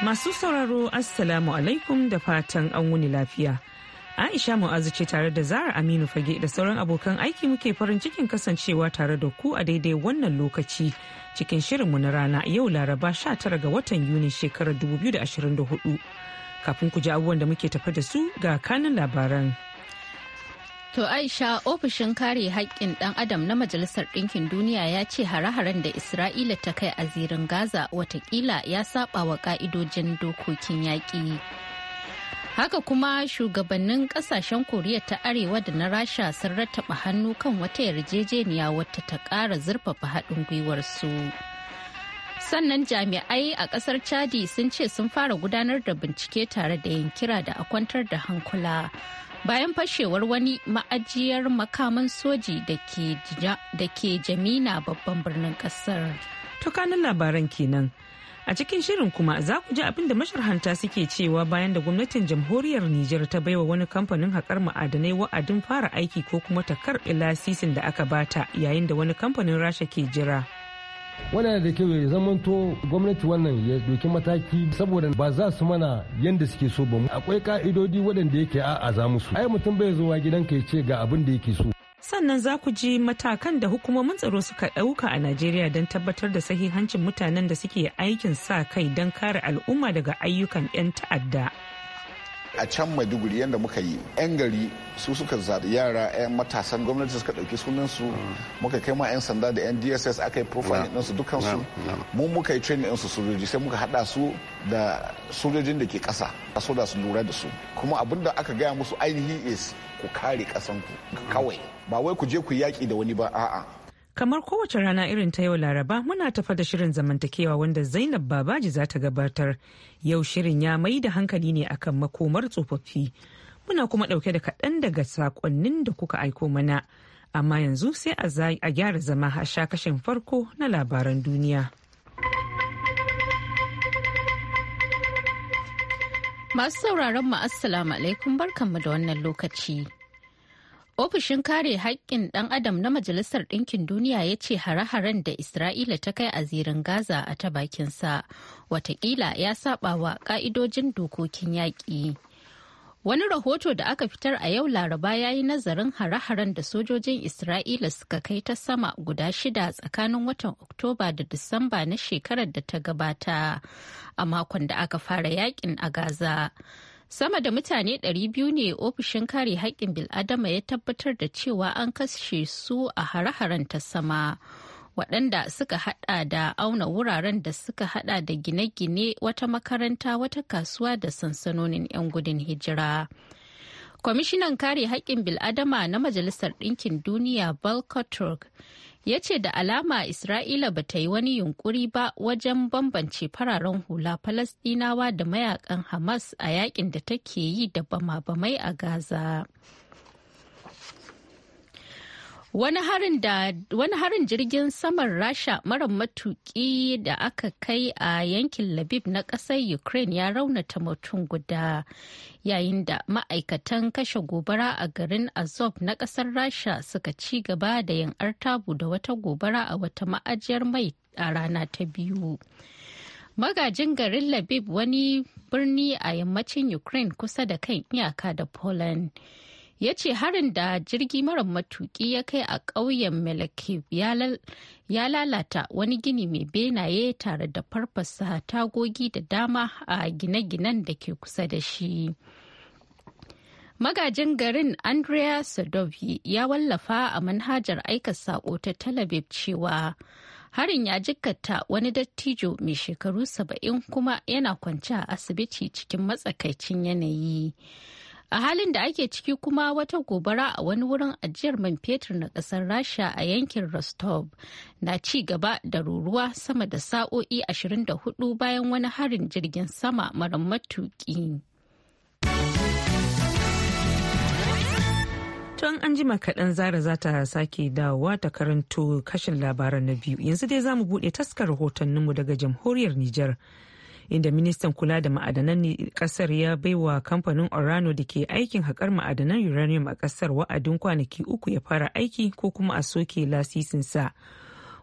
Masu sauraro Assalamu alaikum da fatan an wuni lafiya. Aisha Mu'azu ce tare da Zara Aminu Fage da sauran abokan aiki muke farin cikin kasancewa tare da ku a daidai wannan lokaci cikin shirinmu na rana yau Laraba 19 ga watan Yuni shekarar 2024. Kafin ku ji abubuwan da muke tafa da su ga kanin labaran. To Aisha ofishin kare haƙƙin ɗan adam na Majalisar Ɗinkin Duniya ya ce hare-haren da Isra'ila ta kai a zirin Gaza watakila ya saba wa ƙa'idojin dokokin yaƙi. Haka kuma shugabannin ƙasashen Koriya ta Arewa da na Rasha sun rattaba hannu kan wata yarjejeniya wata ta ƙara zurfafa haɗin gwiwarsu. su. sannan jami'ai a ƙasar chadi sun ce sun fara gudanar da bincike tare da yin kira da a kwantar da hankula bayan fashewar wani ma'ajiyar makaman soji da ke jamina babban birnin kasar. Tukanin labaran kenan. A cikin shirin kuma za ku ji abin da masharhanta suke cewa bayan da gwamnatin jamhuriyar Nijar ta baiwa wani kamfanin haƙar ma'adanai wa'adin fara aiki ko kuma ta karɓi lasisin da aka bata yayin da wani kamfanin rasha ke jira. wannan da kyau ya zamanto gwamnati wannan ya doki mataki saboda ba za su mana yadda suke so ba akwai ka'idodi waɗanda yake a'a za musu ai mutum bai zuwa gidanka ya ce ga abin da yake so sannan za ku ji matakan da hukumomin tsaro suka ɗauka a najeriya don tabbatar da sahihancin mutanen da suke aikin sa kai don kare al'umma daga ayyukan 'yan ta'adda a can maiduguri yadda muka yi 'yan gari su suka zaɗi yara 'yan matasan gwamnati suka ɗauki sunansu mm. muka kai ma 'yan sanda da 'yan dss aka yi profile mm. ɗinsu dukansu mm. mu muka yi training ɗinsu sojoji sai muka haɗa su da sojojin da ke ƙasa a soda su lura da su kuma abin da aka gaya musu ainihi is ku kare ƙasanku kawai ba wai ku je ku yaƙi da wani ba a'a Kamar kowace rana irin ta yau Laraba muna tafa da shirin zamantakewa wanda Zainab Babaji za ta gabatar. Yau shirin ya mai da hankali ne akan makomar tsofaffi. Muna kuma dauke da kaɗan daga saƙonnin da kuka aiko mana. Amma yanzu sai a gyara zama a sha kashin farko na labaran duniya. Masu sauraron mu Assalamu alaikum barkanmu da wannan lokaci. Ofishin kare haƙƙin ɗan Adam na Majalisar Ɗinkin Duniya ya ce hare-haren da Isra'ila ta kai a zirin Gaza a ta bakinsa, watakila ya saba wa ƙa'idojin dokokin yaƙi. Wani rahoto da aka fitar a yau Laraba ya yi nazarin hare-haren da sojojin Isra'ila suka kai ta sama guda shida tsakanin watan Oktoba da Disamba na shekarar da ta gabata a makon da aka fara yakin a Gaza. Sama da mutane 200 ne ofishin kare haƙƙin bil'adama ya tabbatar da cewa an kashe su a hare-haren ta sama. waɗanda suka haɗa da auna wuraren da suka haɗa da gine-gine wata makaranta wata kasuwa da sansanonin 'yan gudun hijira. Kwamishinan kare haƙƙin bil'adama na Majalisar Ɗinkin Duniya Balka ya ce da alama Isra'ila ba ta yi wani yunkuri ba wajen bambance fararen hula Falasɗinawa da mayakan Hamas a yakin da take yi da bama-bamai a Gaza. Wani harin jirgin saman Rasha mara matuki da aka kai a yankin Labib na ƙasar Ukraine ya raunata mutum guda yayin da ma'aikatan kashe gobara a garin Azov na ƙasar Rasha suka ci gaba da yin artabu da wata gobara a wata ma'ajiyar mai a rana ta biyu. Magajin garin Labib wani birni a yammacin Ukraine kusa da kan iyaka da Poland. ya ce harin da jirgi mara matuki ya kai a ƙauyen melakib ya lalata wani gini mai benaye tare da farfasa tagogi da dama a gine-ginen da ke kusa da shi magajin garin andrea sadovi ya wallafa a manhajar aika sako ta talabib cewa harin ya jikkata wani dattijo mai shekaru saba'in kuma yana kwance a asibiti cikin matsakaicin yanayi a halin da ake ciki kuma wata gobara a wani wurin ajiyar man fetur na kasar rasha a yankin rostov na ci gaba da ruruwa sama da sa'o'i 24 bayan wani harin jirgin sama mara matuki tun an jima kaɗan zara za ta sake dawowa ta karanto kashin labaran na biyu yanzu dai za mu buɗe taskar rahotanninmu daga jamhuriyar nijar inda ministan kula da ma'adanan kasar ya bai wa kamfanin orano da ke aikin haƙar ma'adanan uranium a kasar wa'adin kwanaki uku ya fara aiki ko kuma a soke lasisinsa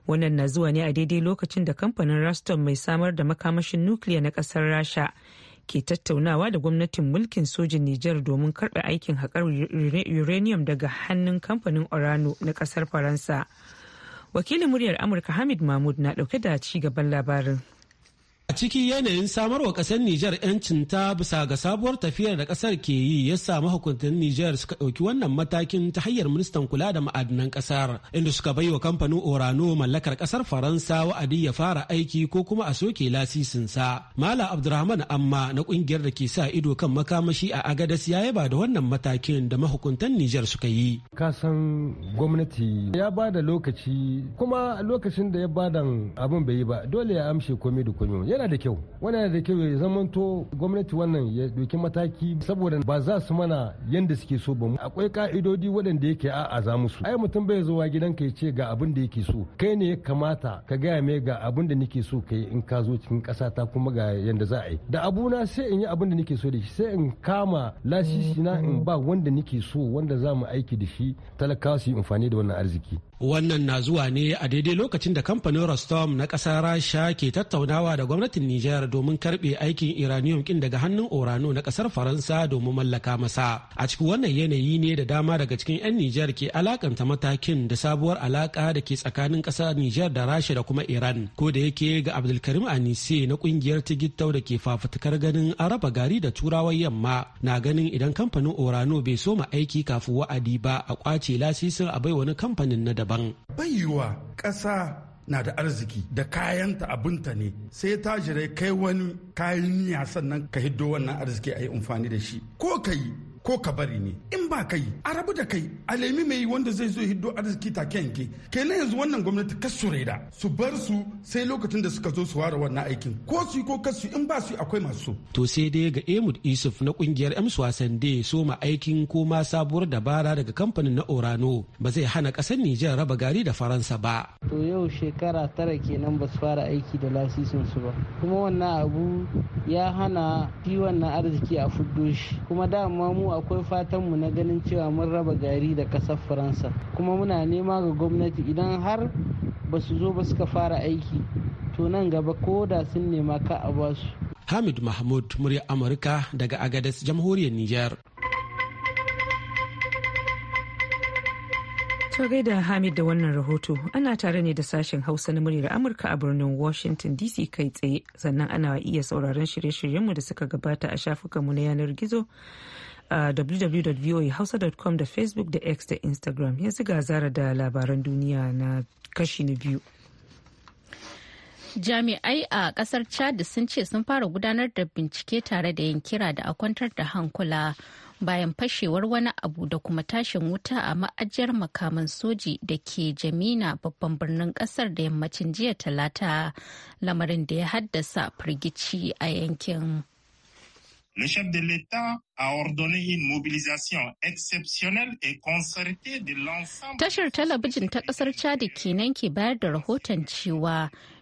wannan na zuwa ne a daidai lokacin da kamfanin raston mai samar da makamashin nukiliya na kasar rasha ke tattaunawa da gwamnatin mulkin sojin Nijar domin karɓe aikin haƙar uranium daga hannun kamfanin Orano na ƙasar Faransa. Wakilin muryar Amurka Hamid Mahmud na ɗauke da ci gaban labarin. A ciki yanayin samarwa kasar Nijar yancin ta bisa ga sabuwar tafiyar da kasar ke yi ya sa mahukuntan Nijar suka ɗauki wannan matakin ta hanyar ministan kula da ma'adinan kasar inda suka bai wa kamfanin Orano mallakar kasar Faransa wa'adi ya fara aiki ko kuma a soke lasisinsa. Mala Abdurrahman Amma na kungiyar da ke sa ido kan makamashi a Agadas ya yaba da wannan matakin da mahukuntan Nijar suka yi. Kasan gwamnati ya ba da lokaci kuma lokacin da ya badan abin bai yi ba dole ya amshe komai da komai. yana da kyau wani yana da kyau ya zamanto gwamnati wannan ya doki mataki saboda ba za su mana yadda suke so ba mu akwai ka'idodi waɗanda yake a a za musu ai mutum bai zuwa ka ya ce ga abin da yake so kai ne ya kamata ka gaya mai ga abin da nake so kai in ka zo cikin ƙasa ta kuma ga yadda za a yi da abuna sai in yi abin da nake so da shi sai in kama lasisi na in ba wanda nake so wanda za mu aiki da shi talakawa su yi amfani da wannan arziki Wannan na zuwa ne a daidai lokacin da kamfanin Rostom na ƙasar Rasha ke tattaunawa da gwamnatin Nijar domin karɓe aikin Iranium kin daga hannun Orano na ƙasar Faransa domin mallaka masa. A cikin wannan yanayi ne da dama daga cikin 'yan Nijar ke alakanta matakin da sabuwar alaka da ke tsakanin ƙasar Nijar da Rasha da kuma Iran. Ko da yake ga Abdulkarim Anise na ƙungiyar tigitau da ke fafutukar ganin araba, gari da Turawan Yamma na ganin idan kamfanin Orano bai soma aiki kafin wa'adi ba a kwace lasisin a bai wani kamfanin na daban. daban. Baiwa ƙasa na da arziki da kayanta abinta ne sai ta jira kai wani kayan miya sannan ka hiddo wannan arziki a yi amfani da shi ko ka yi ko ka bari ne in ba kai a rabu da kai a lemi mai wanda zai zo hiddo arziki ta kyanke kenan yanzu wannan gwamnati kasure da su bar su sai lokacin da suka zo su ware wannan aikin ko su ko kasu in ba su akwai masu to sai dai ga Emud Isuf na kungiyar Ems Wasan da soma aikin ko ma sabuwar dabara daga kamfanin na Orano ba zai hana kasar Nijar raba gari da Faransa ba to yau shekara tara kenan ba su fara aiki da lasisin su ba kuma wannan abu ya hana fi wannan arziki a fuddo shi kuma dama mu a akwai fatan mu na ganin cewa mun raba gari da kasar faransa kuma muna nema ga gwamnati idan har ba su zo ba suka fara aiki to nan gaba ko da sun nema ka a ba su hamid mahmud murya amurka daga agadas jamhuriyar niger To da Hamid da wannan rahoto ana tare ne da sashen Hausa na muryar Amurka a birnin Washington DC kai tsaye sannan ana iya sauraron shirye-shiryenmu da suka gabata a shafukanmu na yanar gizo a www.voahausa.com da facebook da x da instagram yanzu ga zara da labaran duniya na kashi na biyu jami'ai a kasar chad sun ce sun fara gudanar da bincike tare da yin kira da a kwantar da hankula bayan fashewar wani abu da kuma tashin wuta a ma'ajiyar makaman soji da ke jamina babban birnin kasar da yammacin jiya talata lamarin da ya haddasa firgici a yankin. Le chef de l'État a ordonné une mobilisation exceptionnelle et concertée de l'ensemble. Tashar talabijin ta kasar Chad kenan ke bayar da rahoton cewa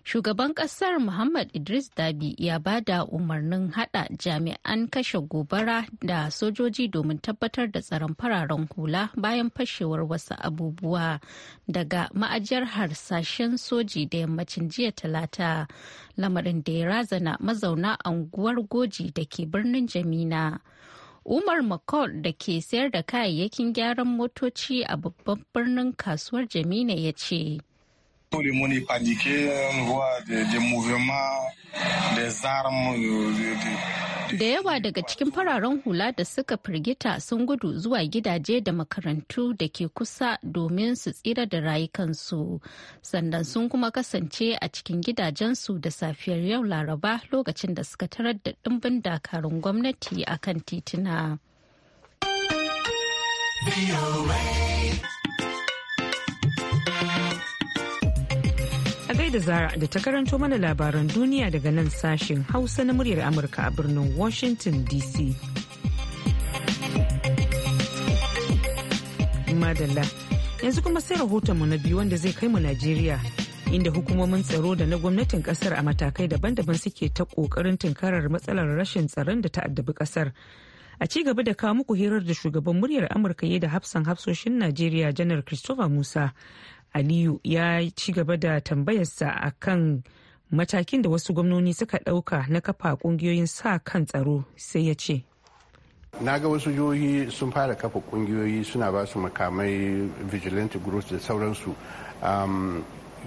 shugaban kasar muhammad idris dabi ya ba da umarnin hada jami'an kashe gobara da sojoji domin tabbatar da tsaron fararen hula bayan fashewar wasu abubuwa daga ma'ajiyar harsashen soji da yammacin jiya talata lamarin da ya razana mazauna anguwar goji da ke birnin jamina Umar McCall da ke sayar da kayayyakin gyaran motoci a babban birnin kasuwar Jamina ya ce, Tout le monde est on voit des, des mouvements, des armes. Euh, des, des... Da yawa daga cikin fararen hula da suka firgita sun gudu zuwa gidaje da makarantu da ke kusa domin su tsira da rayukansu, sannan sun kuma kasance a cikin gidajensu da safiyar yau laraba lokacin da suka tarar da ɗimbin dakarun gwamnati a kan titina. da zara da ta karanto mana labaran duniya daga nan sashen hausa na muryar amurka a birnin washington dc madalla yanzu kuma sai rahoton mu na biyu wanda zai kai mu najeriya inda hukumomin tsaro da na gwamnatin kasar a matakai daban-daban suke ta kokarin tunkarar matsalar rashin tsaron da ta ta'addabi kasar a ci gaba da kawo muku hirar da shugaban muryar amurka ya da hafsan hafsoshin najeriya janar christopher musa aliyu ya ci gaba da tambayarsa a kan matakin da wasu gwamnoni suka ɗauka na kafa ƙungiyoyin sa kan tsaro sai ya ce na ga wasu jihohi sun fara kafa kungiyoyi suna ba su makamai vigilante groups da sauransu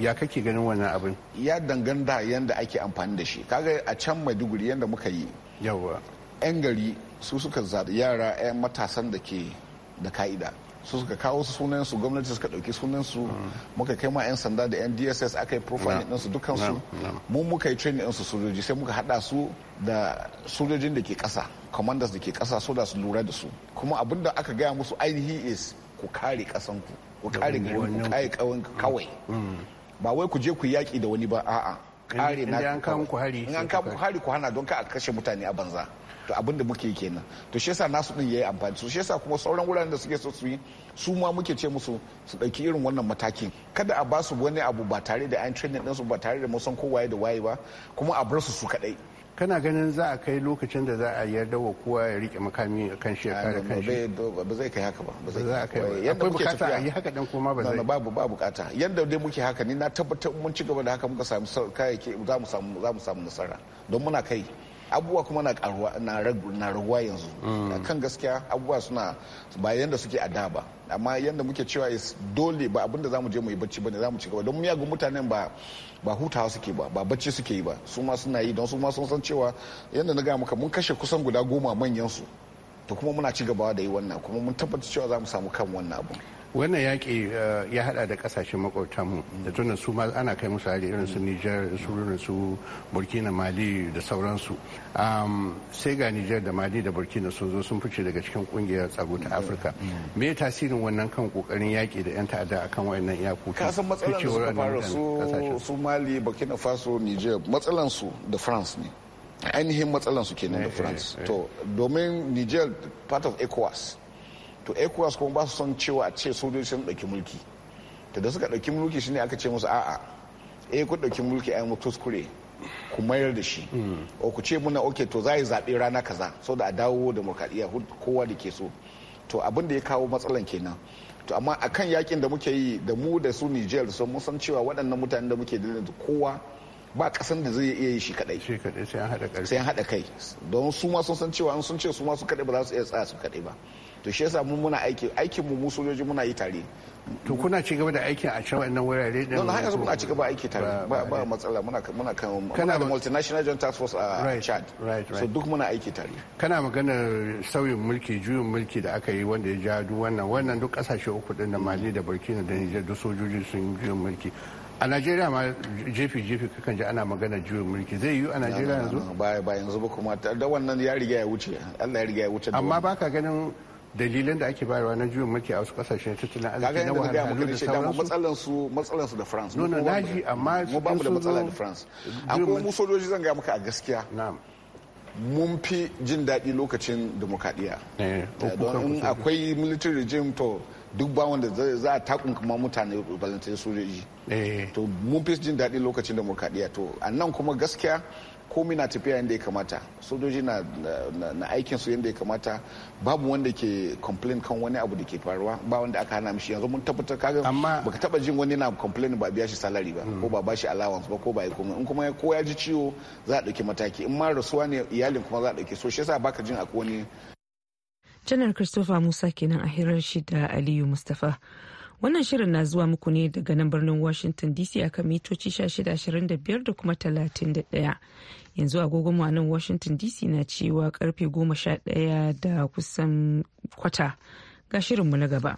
ya kake ganin wannan abin ya danganta yadda ake amfani da shi kaga a can maiduguri yadda muka yi yawa yan gari su suka zaɗi yara yan matasan da ke da ka'ida su suka kawo su sunan su gwamnati suka ɗauki sunan su muka kai ma yan sanda da yan DSS aka yi profile din su dukkan su mu muka yi training din su sojoji sai muka haɗa su da sojojin da ke kasa commanders da ke kasa so da su lura da su kuma abin da aka gaya musu ainihi is ku kare kasan ku ku kare garin ku kare kawai mm, mm. ba wai ku je ku yaki da wani ba a'a kare na an kan ku hari in an kan ku hari ku hana don ka kashe mutane a banza to abin da muke kenan to shi yasa nasu din yayi amfani so shi yasa kuma sauran wuraren da suke so su yi su ma muke ce musu su dauki irin wannan matakin kada a basu wani abu ba tare da an training din su ba tare da musan kowaye da waye ba kuma a bar su su kadai kana ganin za a kai lokacin da za a yarda wa kowa ya rike makami a kan shi a kan shi ba zai kai haka ba ba zai kai yadda muke tafiya a yi haka dan kuma ba zai babu ba bukata yadda dai muke haka ni na tabbatar mun ci gaba da haka muka samu kayayyaki za mu samu za mu samu nasara don muna kai abubuwa kuma na na raguwa yanzu mm. kan gaskiya abubuwa suna ba yadda suke a da ba amma yanda muke cewa is dole ba abinda za mu je mu yi bacci za zamu ci gaba don miyagun mutanen ba ba hutawa suke ba ba bacci suke yi ba su ma suna yi don su ma sun san cewa yadda na ga muka mun kashe kusan guda goma manyan su to kuma muna ci gaba da yi wannan kuma mun tabbatar cewa za mu samu kan wannan abu wannan yaƙi eh, ya hada da kasashen mu da tuna su ma ana kai musu hari irin su nijar su su burkina mali da sauransu sai ga nijar da mali da burkina sun zo sun fice daga cikin kungiyar tsaro ta afirka me tasirin wannan kan kokarin yaƙi da 'yan ta'adda akan wayannan iyakoki ka san matsalar da fara su su mali burkina faso nijar matsalan su da france ne ainihin matsalan su kenan da eh, eh, france to domin nijar part of ecowas to ecowas kuma ba su son cewa a ce sojoji sun ɗauki mulki to da suka ɗauki mulki shine aka ce musu a'a eh ku ɗauki mulki ai mutus kuskure ku mayar da shi hmm. o ku ce muna oke to za yi zaɓe rana kaza so da a dawo demokradiyya kowa da ke so to abin da ya kawo matsalan kenan to amma akan yakin da muke yi da mu da su Niger sun mun san cewa waɗannan mutanen da muke da kowa ba kasan da zai iya yi shi kadai shi kadai sai an hada kai don su ma sun san cewa sun ce su ma su kadai ba za su iya tsaya su kadai ba to shi yasa mun muna aiki aikin mu mu sojoji muna yi tare to kuna ci gaba da aiki a can wannan wurare din don haka muna ci gaba aiki tare ba ba matsala muna muna kan kana da multinational joint task force a Chad so duk muna aiki tare kana maganar sauyin mulki juyin mulki da aka yi wanda ya ja duk wannan wannan duk kasashe uku din da Mali da Burkina da Niger duk sojoji sun juyin mulki a najeriya ma jefi-jefi kakan ji ana magana juyin mulki zai yi a najeriya yanzu ba yanzu ba kuma da wannan ya riga ya wuce allah ya riga ya wuce amma baka ganin dalilan da ake bayarwa na juyin mulki a wasu kasashen tattalin arziki na wahala da sauransu matsalan su matsalan su da France Nuna na naji amma mu ba mu da matsala da France an kuma mu sojoji zan ga muka a gaskiya na'am mun fi jin daɗi lokacin demokradiyya eh, eh, don akwai military regime to duk ba wanda za a takun kuma mutane balantai sojoji eh. to mun fi jin daɗi lokacin demokradiyya to a nan kuma gaskiya komi na tafiya yadda ya kamata sojoji na, na, aikin su yadda ya kamata babu wanda ke complain kan wani abu da ke faruwa ba wanda aka hana mishi yanzu mun tabbatar kaga amma baka taba jin wani na complain ba biya shi salari ba ko ba bashi allowance ba ko ba ya komai in kuma ko ya ji ciwo za a dauki mataki in ma rasuwa ne iyalin kuma za a dauki so shi yasa baka jin akwai wani janar christopher musa kenan a hirar shi da aliyu mustapha Wannan shirin na zuwa muku ne daga nan birnin Washington DC a kan mitoci 1625 da kuma 31. Yanzu agogon a nan Washington DC na cewa karfe 11 da kusan kwata. Ga shirinmu na gaba.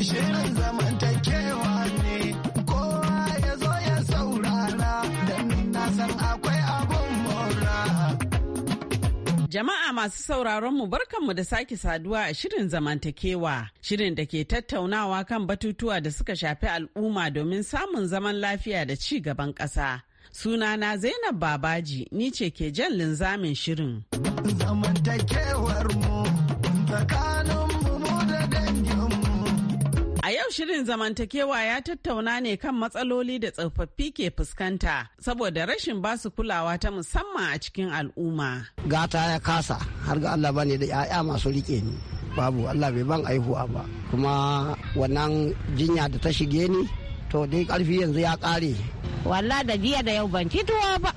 Shirin zama Jama'a masu sauraron mu barkanmu da sake saduwa a shirin zamantakewa, shirin da ke tattaunawa kan batutuwa da suka shafi al'umma domin samun zaman lafiya da ci gaban ƙasa. Sunana Zainab Babaji ni ce ke jan linzamin shirin. Zamantakewar mu tsakanin yau shirin zamantakewa ya tattauna ne kan matsaloli da tsofaffi ke fuskanta saboda rashin basu kulawa ta musamman a cikin al'umma. Gata ya kasa har ga Allah bane da 'ya'ya masu rike ni. Babu Allah bai ban aihuwa ba. Kuma wannan jinya da ta shige ni to dai karfi yanzu ya kare walla da jiya da yau ban ci ba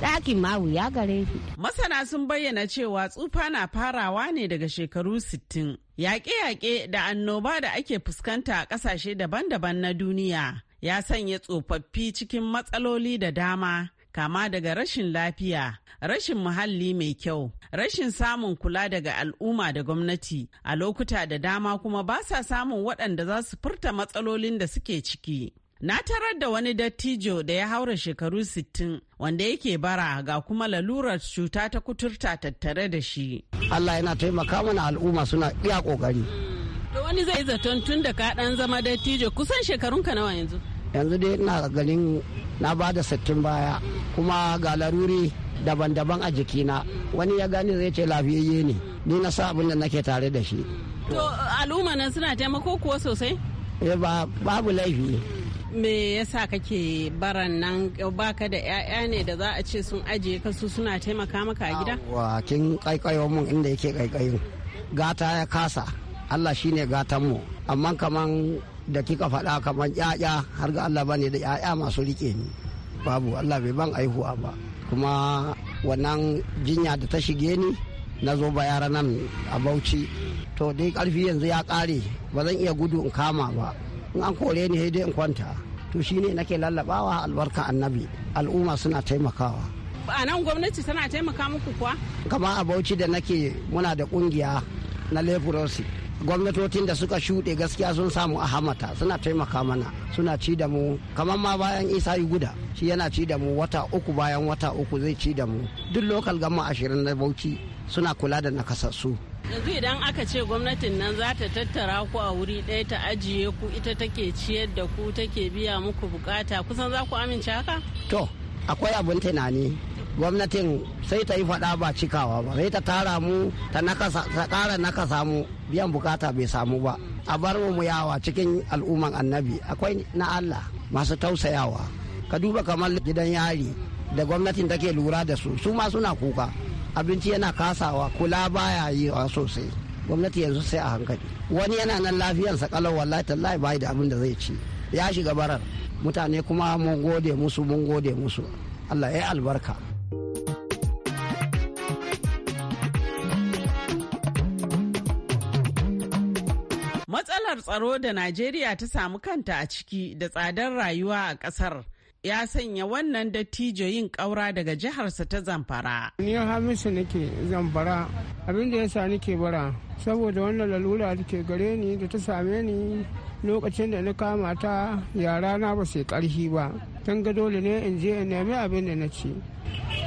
ɗakin mawu ya gare shi masana sun bayyana cewa tsufa na farawa ne daga shekaru 60 yaƙe-yaƙe da annoba da ake fuskanta a ƙasashe daban-daban na duniya ya sanya tsofaffi cikin matsaloli da dama kama daga rashin lafiya, rashin muhalli mai kyau, rashin samun kula daga al'umma da gwamnati, a lokuta da dama kuma ba sa samun waɗanda za su furta matsalolin da suke ciki. Na tarar da wani dattijo da ya haura shekaru 60 wanda yake bara ga kuma lalurar cuta ta kuturta tattare da shi. Allah yana taimaka mana al'umma suna iya kokari. To wani zai zaton tun da ka ɗan zama dattijo kusan shekarunka nawa yanzu? yanzu dai ina ganin na ba da sittin baya kuma ga laruri daban-daban a jikina wani ya gani zai ce lafiyayye ne ni na sa abin da nake tare da shi to al'umma nan suna taimako kuwa sosai eh, ba babu laifi me yasa kake baran nan baka da 'ya'ya ne da za a ce sun ajiye ka suna taimaka maka a gida wa kin kaikayo mun inda yake kaikayin gata ya kasa Allah shine gatan mu amma kaman da kika faɗa kamar ƴaƴa har ga Allah bane da ƴaƴa masu rike ni babu Allah bai ban aihuwa ba kuma wannan jinya da ta shige ni na zo ba yara nan a bauchi to dai karfi yanzu ya ƙare ba zan iya gudu in kama ba in an kore ni dai in kwanta to shine nake lallabawa albarka annabi al'umma suna taimakawa a nan gwamnati tana taimaka muku kuwa kama a bauchi da nake muna da kungiya na leprosy gwamnatocin da suka shuɗe gaskiya sun samu a hamata suna taimaka mana suna ci da mu kamar ma bayan isa yi guda shi yana ci da mu wata uku bayan wata uku zai ci da mu duk lokal gama ashirin na bauchi suna kula da nakasassu yanzu idan aka ce gwamnatin nan za ta tattara ku a wuri ɗaya ta ajiye ku ita take ciyar da ku take biya muku bukata kusan za ku amince haka to akwai abin tunani gwamnatin sai ta yi faɗa ba cikawa ba sai ta tara mu ta nakasa mu biyan bukata bai samu ba a bar mu yawa cikin al'umman annabi akwai na Allah masu tausayawa ka duba kamar gidan yari da gwamnatin take lura da su su ma suna kuka abinci yana kasawa kula baya yi sosai gwamnati yanzu sai a hankali wani yana nan sa kalau wallahi tallahi bai da abin da zai ci ya shiga barar mutane kuma mun gode musu mun gode musu Allah ya albarka matsalar tsaro da Najeriya ta samu kanta a ciki da tsadar rayuwa a ƙasar ya sanya wannan dattijo yin ƙaura daga jiharsa ta Zamfara. Ni Hamisu nake Zamfara abin da sa nake bara saboda wannan lalura da ke gare ni da ta same ni lokacin da na kama ta yara na ba sai karhi ba tun ga dole ne in je in nemi abin da na ci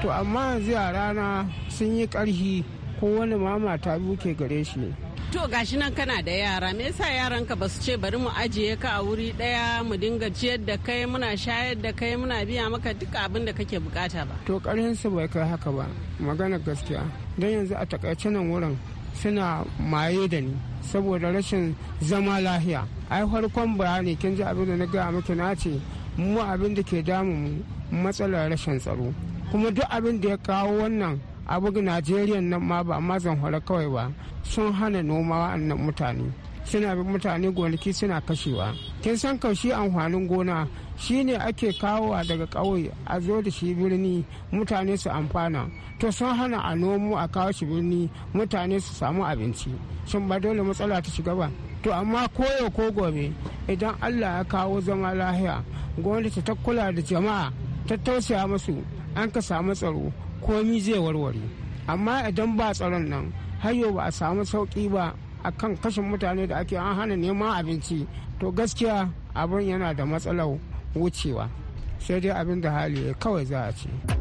to amma yanzu yara na sun yi karhi ko wani mama ta biyu ke gare shi to gashi nan kana da yara me yasa yaranka ba su ce bari mu ajiye ka a wuri daya mu dinga ciyar da kai muna shayar da kai muna biya maka duk abin da kake bukata ba to karin su bai kai haka ba magana gaskiya dan yanzu a takaice nan wurin suna maye da ni saboda rashin zama lahiya ai farkon bayani kin ji abin da na gaya miki na ce mu abin da ke damu matsalar rashin tsaro kuma duk abin da ya kawo wannan a buga najeriya nan ma ba zan hore kawai ba sun hana noma wa'annan mutane suna bi mutane gonaki suna kashewa kin san kaushi amfanin gona shine ake kawowa daga ƙauye a zo da shi birni mutane su amfana to sun hana a nomo a kawo shi birni mutane su samu abinci shin ba dole matsala ta shiga ba to amma koyo ko gobe idan allah ya kawo zama lahiya gwamnati ta kula da jama'a ta tausaya musu an ka samu tsaro komi zai warware amma idan ba tsaron nan har ba a samu sauki ba a kan kashin mutane da ake an hana neman abinci to gaskiya abin yana da matsalar wucewa sai dai abin da hali kawai za a ce.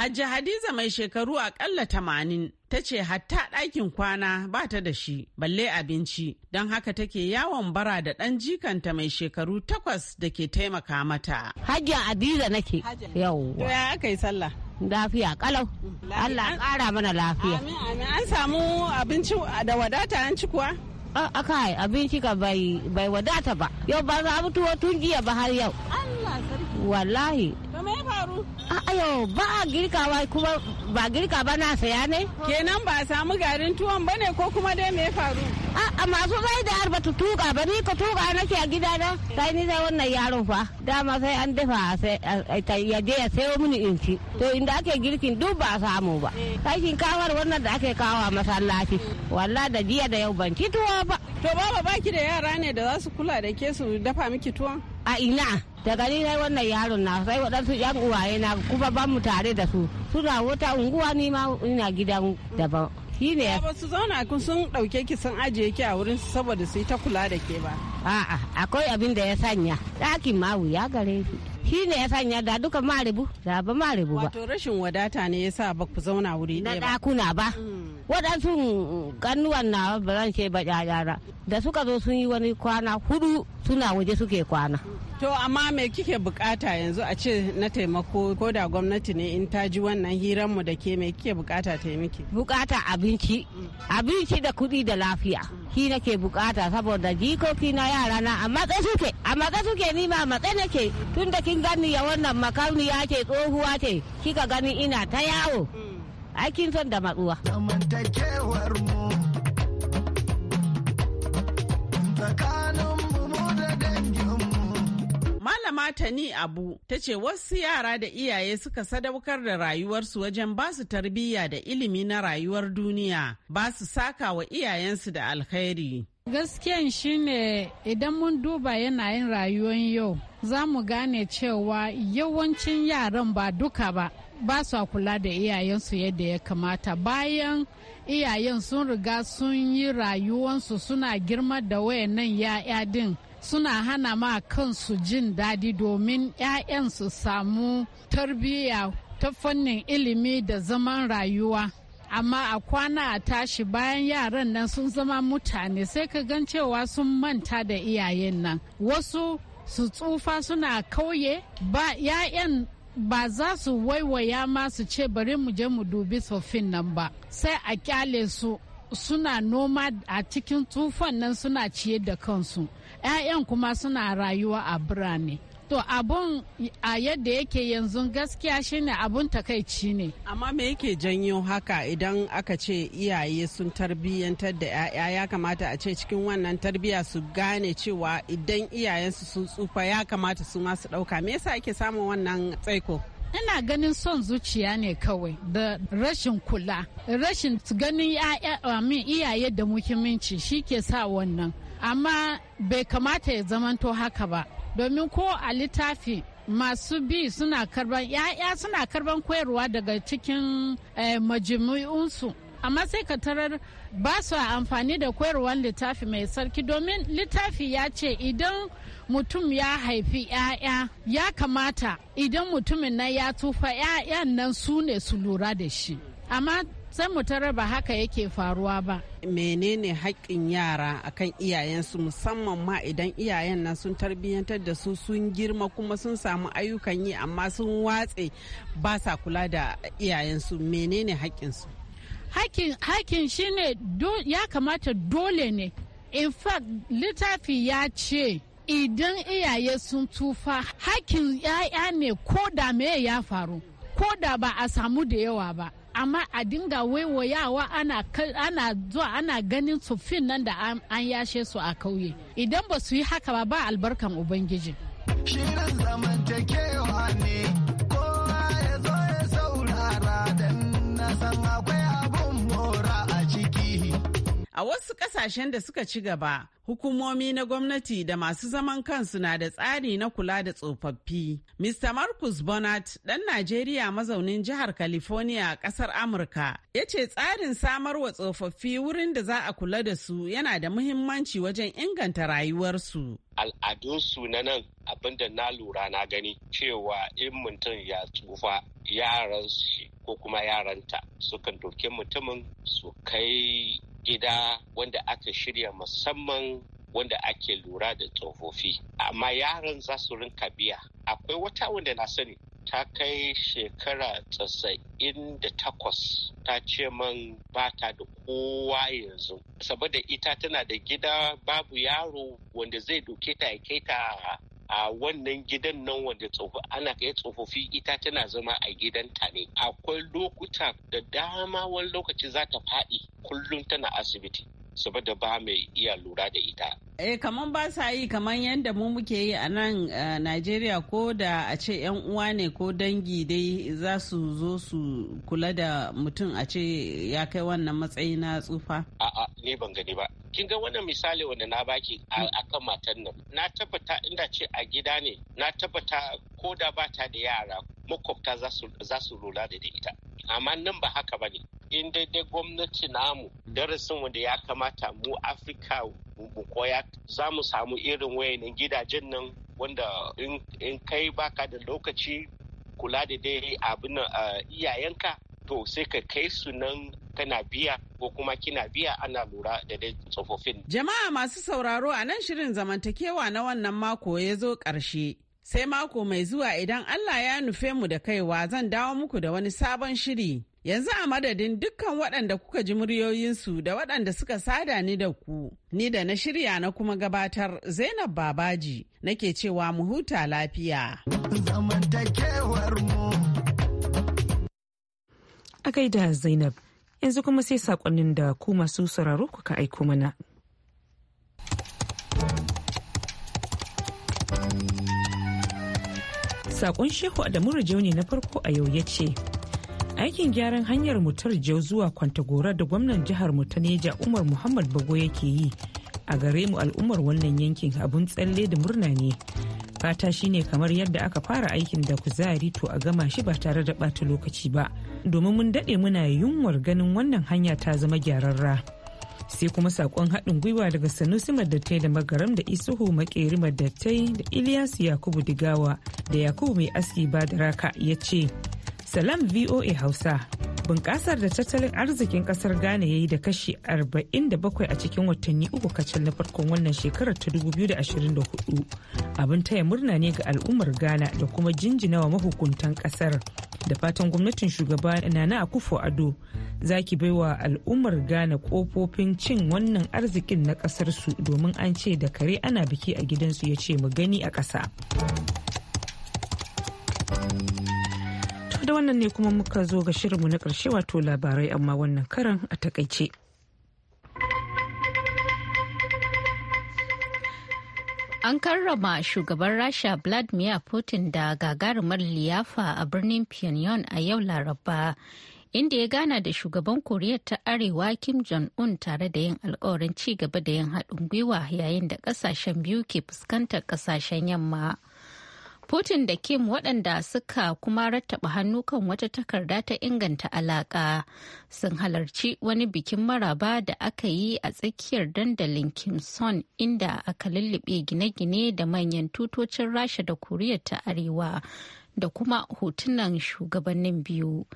Hajji Hadiza mai shekaru akalla tamanin ta ce hatta ɗakin kwana ba ta da shi balle abinci don haka take yawon bara da ɗan jikanta mai shekaru takwas da ke taimaka mata. Hajji Hadiza nake yawwa. Ya aka yi sallah. lafiya kalau Allah ƙara mana lafiya. Amin amin an samu abinci da wadata an ci kuwa? Aka abinci ka bai wadata ba yau ba za a mutuwa tun jiya ba har yau. Allah sarki. wallahi to me faru ayo ba ba girka ba na saya ne kenan ba a samu garin tuwon ba ne ko kuma dai me faru a masu sai da arba tu tuka ba ni ka tuka nake a gida na sai ni sai wannan yaron fa dama sai an dafa sai ya je ya sayo mini in to inda ake girkin duk ba a samu ba sai kawar wannan da ake kawo a masallaci wallahi da jiya da yau ban ci tuwa ba To baba baki da yara ne da za su kula da ke su dafa miki tuwon? A ina daga ni na wannan yaron na sai waɗansu yan uwaye na kuma ba mu tare da su suna wata unguwa ni ma ina gidan daban. Shi ne. Ba su zauna kun sun ɗauke ki sun ajiye ki a wurin su saboda su yi ta kula da ke ba. A'a akwai abin da ya sanya ɗakin ma wuya gare shi. shi ne ya sanya da duka maribu da ba maribu ba wato rashin wadata ne yasa ba ku zauna wuri ne ba ɗakuna ba mm. waɗansu kanuwan na ba zan ce ba ƴaƴara da suka zo sun yi wani kwana hudu suna waje suke kwana To amma me kike bukata yanzu a ce na taimako ko da gwamnati ne in ta ji wannan hiranmu da ke me kike bukata ta miki? Bukata abinci, abinci da kuɗi da lafiya. Shi nake bukata saboda jikoki na yara na a matsa suke, a matsa suke ni ma matsa nake tun da kin gani ya wannan makauniya ce tsohuwa ce kika gani ina ta yawo hmm. aikin son da matsuwa Malama Tani Abu ta ce wasu yara da iyaye suka sadaukar da rayuwarsu wajen ba su tarbiyya da ilimi na rayuwar duniya ba su saka wa iyayensu da alkhairi. Gaskiyan shine idan mun duba yanayin rayuwar yau za mu gane cewa yawancin yaran ba duka ba ba su kula da iyayensu yadda ya kamata bayan iyayen sun riga sun yi rayuwansu suna girma da wayannan ya'ya din suna hana ma kansu jin daɗi domin 'ya'yan su samu tarbiyya ta fannin ilimi da zaman rayuwa amma a kwana a tashi bayan yaran nan sun zama mutane sai ka gan cewa sun manta da iyayen nan wasu su tsufa suna kauye ba 'ya'yan ba za su waiwaya ma su ce bari mu je mu dubi tsoffin nan ba sai a kyale su suna noma a cikin tsufan nan suna ciye da kansu 'ya'yan kuma suna rayuwa a birane to abun a yadda yake yanzu gaskiya shine abun takaici ne amma me yake janyo haka idan aka ce iyaye sun tarbiyyantar da 'ya'ya ya kamata a ce cikin wannan tarbiya su gane cewa idan iyayensu sun tsufa ya kamata su masu ɗauka me yasa ake samun wannan tsaiko ina ganin son zuciya ne kawai da rashin kula rashin ganin iyaye da muhimmanci shi ke sa wannan amma bai kamata ya zamanto haka ba domin ko a littafi masu bi suna karban ya'ya suna karban koyarwa daga cikin eh, majimu'unsu amma sai ka tarar ba su amfani da koyarwar littafi mai sarki domin littafi ya ce idan mutum ya haifi 'ya'ya ya kamata idan mutumin nan ya tufa 'ya'yan nan su ne su lura da shi amma san mu ta raba haka yake faruwa ba menene haƙƙin yara akan iyayensu musamman ma idan iyayen nan sun tarbiyyantar da su sun girma kuma sun samu ayyukan yi amma sun watse ba sa kula da iyayensu menene haƙƙinsu haƙƙin shine ya kamata dole ne in fact littafi ya ce idan iyaye sun tufa haƙƙin 'ya'ya ne ko da me ya faru ko da ba a samu da yawa ba amma a dinga waiwayawa ana ana zuwa ana ganin tsoffin nan da an yashe su a kauye idan ba su yi haka ba ba albarkan ubangiji shirin zamantakewa ne kowa ya ya saurara dan na akwai abun mora a ciki a wasu kasashen da suka ci gaba Hukumomi na gwamnati da masu zaman kansu na da tsari na kula da tsofaffi. Mr. Marcus Bonat, ɗan Najeriya mazaunin jihar California a ƙasar Amurka, ya ce tsarin samar wa tsofaffi wurin da za a kula da su yana da muhimmanci wajen inganta rayuwarsu. Al'adunsu na nan abinda na lura na gani cewa in mutum ya tsufa yaran shi ko kuma yaranta sukan doke mutumin su kai gida wanda aka shirya musamman wanda ake lura da tsofaffi amma yaran za su rinka biya akwai wata wanda na sani ta kai shekara tasa'in da takwas ta ce man bata da kowa yanzu saboda ita tana da gida babu yaro wanda zai doke ta ya kai ta a wannan gidan nan wanda ana kai tsofaffi ita tana zama a gidanta ne akwai lokuta da dama wani lokaci za ta faɗi kullum tana asibiti saboda ba mai iya lura da ita Eh kaman ba sa yi kaman yadda mu muke yi a nan Najeriya ko da a ce yan uwa ne ko dangi dai za su zo su kula da mutum a ce ya kai wannan matsayi na tsufa. A'a ne ban gani ba. Kin ga wannan misali wanda na baki mm. a kan matan nan. Na tabbata inda ce a gida ne na tabbata ko da ba ta da yara makwabta za su lura da ita. Amma nan ba haka ba ne. In daidai gwamnati namu darasin wanda ya kamata mu Afirka mu koya za mu samu irin wayanin gidajen nan wanda in kai baka da lokaci kula da dai abin iyayenka to sai ka kai su nan kana biya ko kuma kina biya ana lura da dai tsofaffin. Jama'a masu sauraro a nan shirin zamantakewa na wannan mako ya zo karshe Sai mako mai zuwa idan Allah ya nufe mu da kaiwa zan dawo muku da wani sabon shiri. Yanzu a madadin dukkan waɗanda kuka ji muryoyinsu da waɗanda suka sada ni da ku, ni da na shirya na kuma gabatar Zainab Babaji nake cewa mu huta lafiya. A gaida Zainab, yanzu kuma sai saƙonnin da ku masu sauraro kuka aiko mana. Saƙon Shehu Adamu Rajau ne na farko a yau ya ce, aikin gyaran hanyar mutar jau zuwa kwantagora da gwamnan jihar mu ta neja umar muhammad bago yake yi a gare mu al'ummar wannan yankin abun tsalle da murna ne fata shi ne kamar yadda aka fara aikin da kuzari to a gama shi ba tare da ɓata lokaci ba domin mun daɗe muna yunwar ganin wannan hanya ta zama gyararra sai kuma saƙon haɗin gwiwa daga sanusi madattai da magaram da isuhu makeri madattai da ilyas yakubu digawa da yakubu mai aski ba da raka ya ce Salam VOA Hausa. Bunƙasar da tattalin arzikin ƙasar Ghana ya yi da kashi 47 a cikin watanni uku kacal na farkon wannan shekarar ta 2024. Abin taya murna ne ga al'ummar Ghana da kuma jinjinawa mahukuntan ƙasar. Da fatan gwamnatin shugaba na Akufo Ado za ki baiwa al'ummar Ghana kofofin cin wannan arzikin na ƙasarsu domin an ce da kare ana biki a gidansu ya ce mu gani a ƙasa. da wannan ne kuma muka zo ga shirinmu na ƙarshe wato labarai amma wannan karan a takaice. An karrama shugaban Rasha Vladimir Putin da gagarumar liyafa a birnin Pyongyang a yau Laraba, inda ya gana da shugaban Koriya ta Arewa Kim Jong-un tare da yin alkawarin ci gaba da yin haɗin gwiwa yayin da ƙasashen biyu ke fuskantar ƙasashen yamma. Putin da Kim waɗanda suka kuma rattaba hannu kan wata takarda ta inganta alaƙa sun halarci wani bikin maraba da aka yi a tsakiyar dandalin kim Son inda aka lullube gine-gine da manyan tutocin Rasha da Koriya ta Arewa da kuma hotunan shugabannin biyu.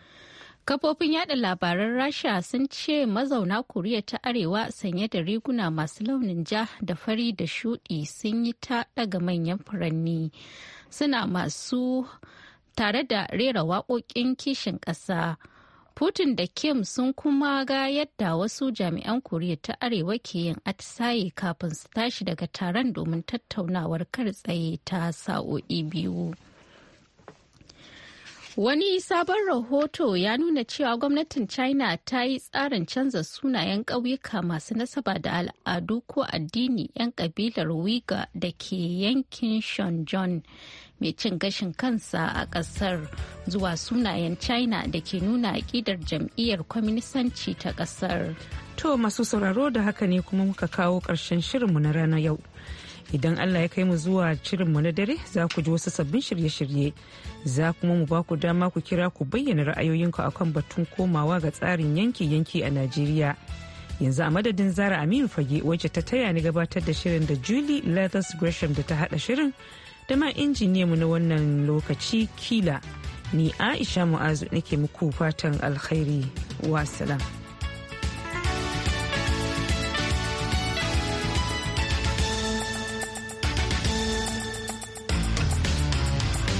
Kafofin yada labaran Rasha sun ce mazauna Koriya ta Arewa sanye da riguna masu launin ja da fari da shuɗi sun yi ta daga manyan furanni. suna masu tare da rera waƙoƙin kishin ƙasa. Putin da Kim sun kuma ga yadda wasu jami'an Koriya ta Arewa ke yin atisaye kafin su tashi daga taron domin tattaunawar kar tsaye ta sa'o'i biyu. Wani sabon rahoto ya nuna cewa gwamnatin China ta yi tsarin canza sunayen ƙauyuka masu nasaba da al'adu ko addini 'yan ƙabilar Uyghur da ke yankin Shenzhen. mai cin gashin kansa a kasar zuwa sunayen china da ke nuna aƙidar jam'iyyar kwaminisanci ta kasar. to masu sauraro da haka ne kuma muka kawo ƙarshen shirinmu na rana yau idan allah ya kai mu zuwa shirinmu na dare za ku ji wasu sabbin shirye-shirye za kuma mu ba ku dama ku kira ku bayyana ra'ayoyinku kan batun komawa ga tsarin yanki-yanki a najeriya yanzu a madadin zara aminu fage wacce ta taya ni gabatar da shirin da julie leathers gresham da ta hada shirin da ma mu na wannan lokaci kila ni aisha mu'azu nake muku fatan alkhairi wasalam.